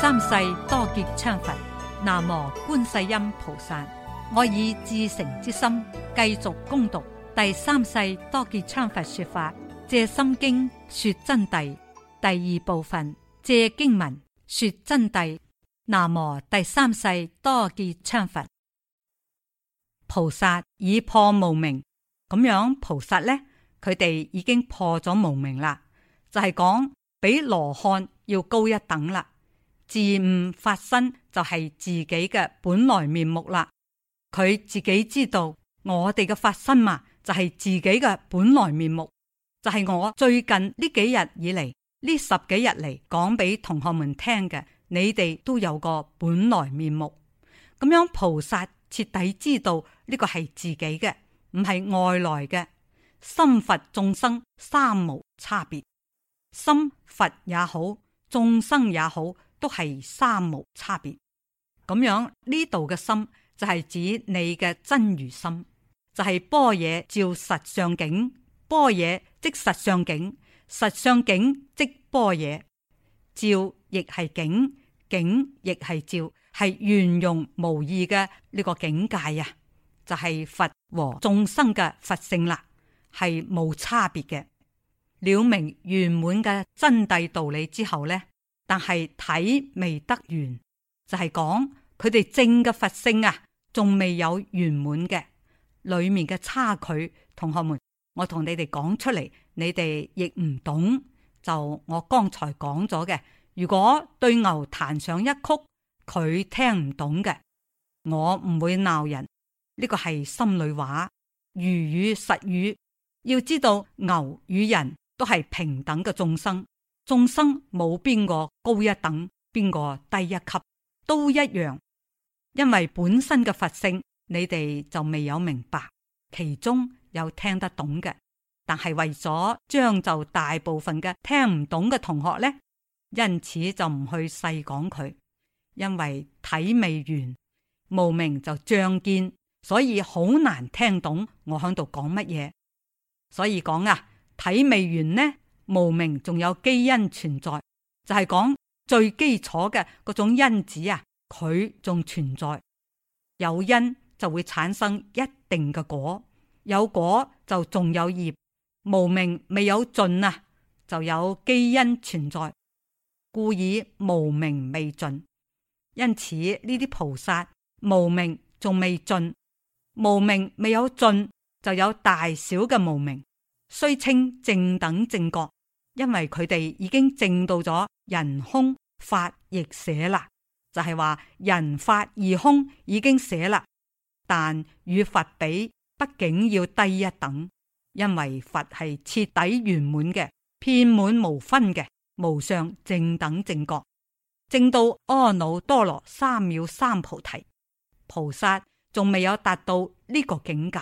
三世多杰羌佛，南無觀世音菩薩。我以至誠之心繼續攻讀第《第，第三世多杰羌佛》說法，借心經說真諦第二部分，借經文說真諦。南無第三世多杰羌佛菩薩，已破無明咁樣，菩薩呢佢哋已經破咗無明啦，就係、是、講比羅漢要高一等啦。自悟法身就係、是、自己嘅本來面目啦，佢自己知道我哋嘅法身嘛，就係、是、自己嘅本來面目，就係、是、我最近呢幾日以嚟呢十幾日嚟講俾同學們聽嘅，你哋都有個本來面目，咁樣菩薩徹底知道呢、這個係自己嘅，唔係外來嘅，心佛眾生三無差別，心佛也好，眾生也好。都係三無差別咁樣，呢度嘅心就係指你嘅真如心，就係般若照實上境，般若即實上境，實上境即般若照，照，亦係境，境亦係照，係圓融無義嘅呢個境界啊，就係、是、佛和眾生嘅佛性啦，係冇差別嘅。了明圓滿嘅真諦道理之後呢。但係睇未得完，就係講佢哋正嘅佛性啊，仲未有圓滿嘅，裏面嘅差距。同學們，我同你哋講出嚟，你哋亦唔懂。就我剛才講咗嘅，如果對牛彈上一曲，佢聽唔懂嘅，我唔會鬧人。呢個係心裏話，如語實語，要知道牛與人都係平等嘅眾生。眾生冇邊個高一等，邊個低一級都一樣，因為本身嘅佛性，你哋就未有明白，其中有聽得懂嘅，但係為咗將就大部分嘅聽唔懂嘅同學呢，因此就唔去細講佢，因為睇未完，無明就障見，所以好難聽懂我喺度講乜嘢，所以講啊，睇未完呢？無明仲有基因存在，就係、是、講最基礎嘅嗰種因子啊，佢仲存在，有因就會產生一定嘅果，有果就仲有業。無明未有盡啊，就有基因存在，故以無明未盡，因此呢啲菩薩無明仲未盡，無明未有盡，未盡，未盡就有大小嘅無明。雖稱正等正覺，因為佢哋已經正到咗人空法亦捨啦，就係話人法二空已經捨啦，但與佛比，畢竟要低一等，因為佛係徹底圓滿嘅，遍滿無分嘅無上正等正覺，正到阿耨多羅三藐三菩提菩薩仲未有達到呢個境界。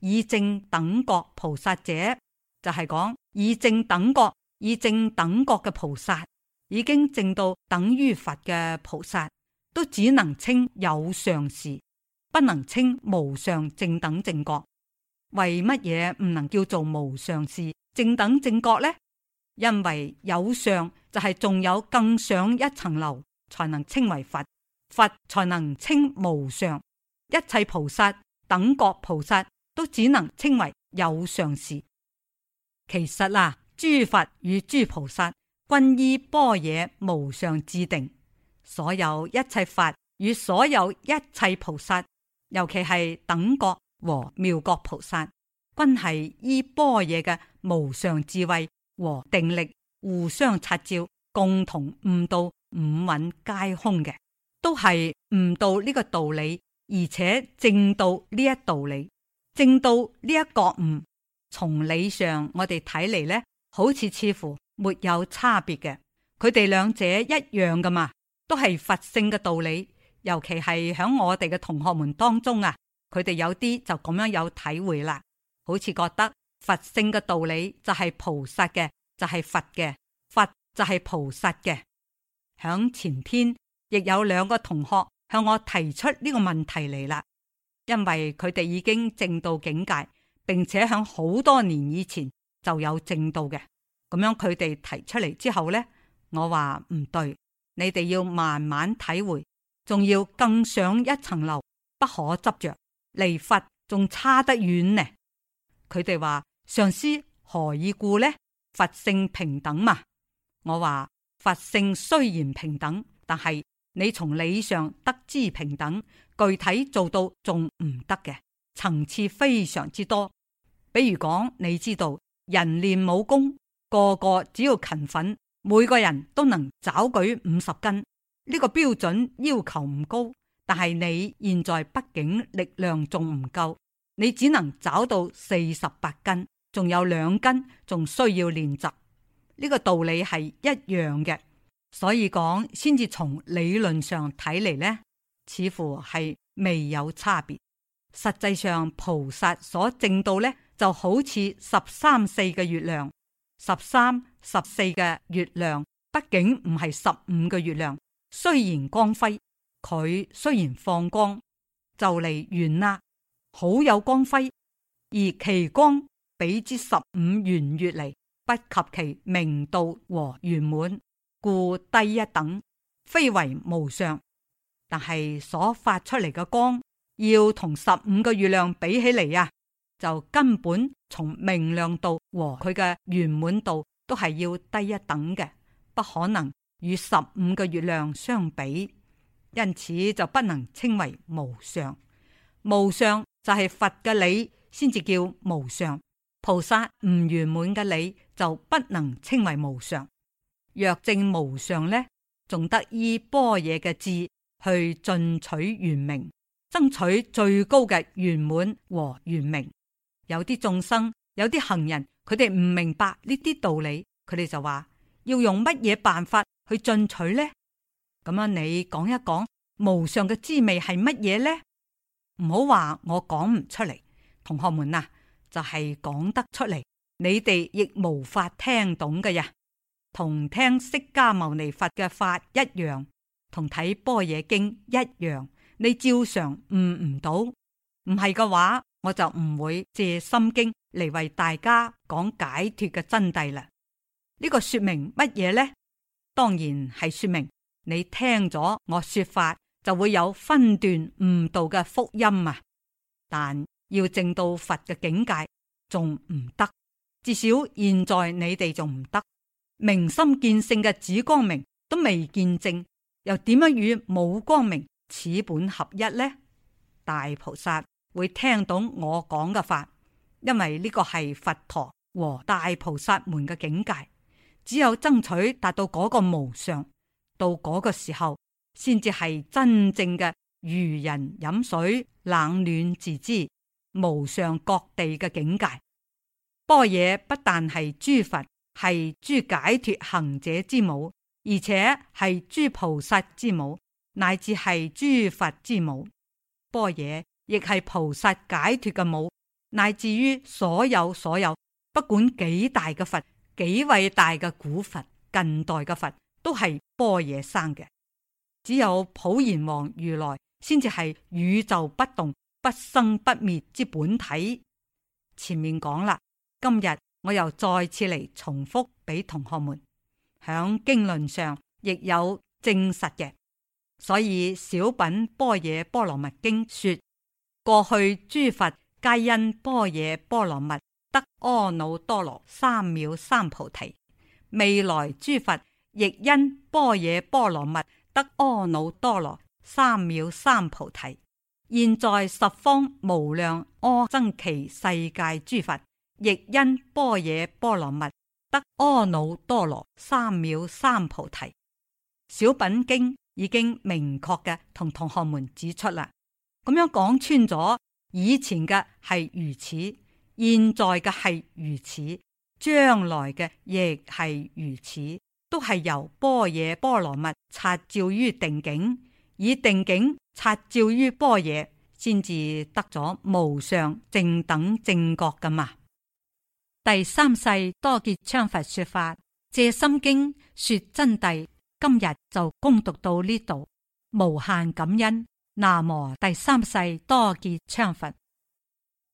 以正等覺菩薩者，就係、是、講以正等覺、以正等覺嘅菩薩，已經正到等於佛嘅菩薩，都只能稱有上士，不能稱無上正等正覺。為乜嘢唔能叫做無上士正等正覺呢？因為有上就係仲有更上一層樓，才能稱為佛，佛才能稱無上。一切菩薩、等覺菩薩。都只能稱為有常事。其實啊，諸佛與諸菩薩均依般若無上之定，所有一切法與所有一切菩薩，尤其係等國和妙國菩薩，均係依般若嘅無上智慧和定力互相擦照，共同悟到五蘊皆空嘅，都係悟到呢個道理，而且證到呢一道理。正到呢一個悟，從理上我哋睇嚟呢，好似似乎沒有差別嘅，佢哋兩者一樣噶嘛，都係佛性嘅道理。尤其係喺我哋嘅同學們當中啊，佢哋有啲就咁樣有體會啦，好似覺得佛性嘅道理就係菩薩嘅，就係佛嘅，佛就係菩薩嘅。響前天亦有兩個同學向我提出呢個問題嚟啦。因為佢哋已經證到境界，並且喺好多年以前就有證到嘅，咁樣佢哋提出嚟之後呢，我話唔對，你哋要慢慢體會，仲要更上一層樓，不可執着，離佛仲差得遠呢。佢哋話，上師何以故呢？佛性平等嘛。我話佛性雖然平等，但係。你從理上得知平等，具體做到仲唔得嘅，層次非常之多。比如講，你知道人練武功，個個只要勤奮，每個人都能找舉五十斤呢個標準要求唔高，但係你現在畢竟力量仲唔夠，你只能找到四十八斤，仲有兩斤仲需要練習。呢個道理係一樣嘅。所以講，先至從理論上睇嚟呢，似乎係未有差別。實際上，菩薩所證到呢就好似十三四嘅月亮，十三十四嘅月亮，畢竟唔係十五個月亮。雖然光輝，佢雖然放光，就嚟圓啦，好有光輝。而其光比之十五圓月嚟，不及其明度和圓滿。故低一等，非為無上。但係所發出嚟嘅光，要同十五個月亮比起嚟呀，就根本從明亮度和佢嘅圓滿度，都係要低一等嘅，不可能與十五個月亮相比。因此就不能稱為無上。無上就係佛嘅理，先至叫無上。菩薩唔圓滿嘅理，就不能稱為無上。若正無上呢，仲得依般若嘅智去進取圓明，爭取最高嘅圓滿和圓明。有啲眾生，有啲行人，佢哋唔明白呢啲道理，佢哋就話要用乜嘢辦法去進取呢？咁啊，你講一講無上嘅滋味係乜嘢呢？唔好話我講唔出嚟，同學們啊，就係、是、講得出嚟，你哋亦無法聽懂嘅呀、啊。同聽釋迦牟尼佛嘅法一樣，同睇般若經一樣，你照常悟唔到，唔係嘅話，我就唔會借心經嚟為大家講解脱嘅真諦啦。呢、這個說明乜嘢呢？當然係說明你聽咗我說法，就會有分段悟道嘅福音啊。但要證到佛嘅境界仲唔得，至少現在你哋仲唔得。明心見性嘅紫光明都未見證，又點樣與無光明此本合一呢？大菩薩會聽懂我講嘅法，因為呢個係佛陀和大菩薩們嘅境界。只有爭取達到嗰個無上，到嗰個時候，先至係真正嘅如人飲水，冷暖自知。無上各地嘅境界，般若不但係諸佛。係諸解脫行者之母，而且係諸菩薩之母，乃至係諸佛之母。般若亦係菩薩解脫嘅母，乃至於所有所有，不管幾大嘅佛，幾偉大嘅古佛、近代嘅佛，都係般若生嘅。只有普賢王如來先至係宇宙不動、不生不滅之本體。前面講啦，今日。我又再次嚟重複俾同學們，響經論上亦有證實嘅，所以小品般若波羅蜜經說，過去諸佛皆因般若波羅蜜得阿耨多羅三藐三菩提，未來諸佛亦因般若波羅蜜得阿耨多羅三藐三菩提，現在十方無量阿僧祇世界諸佛，亦因般若波羅蜜得阿耨多羅三藐三菩提。小品經已經明確嘅同同學們指出啦，咁樣講穿咗，以前嘅係如此，現在嘅係如此，將來嘅亦係如此，都係由般若波羅蜜察照於定境，以定境察照於般若，先至得咗無上正等正覺噶嘛。第三世多杰羌佛說法《藉心經》說真諦，今日就恭讀到呢度，無限感恩。南無第三世多杰羌佛。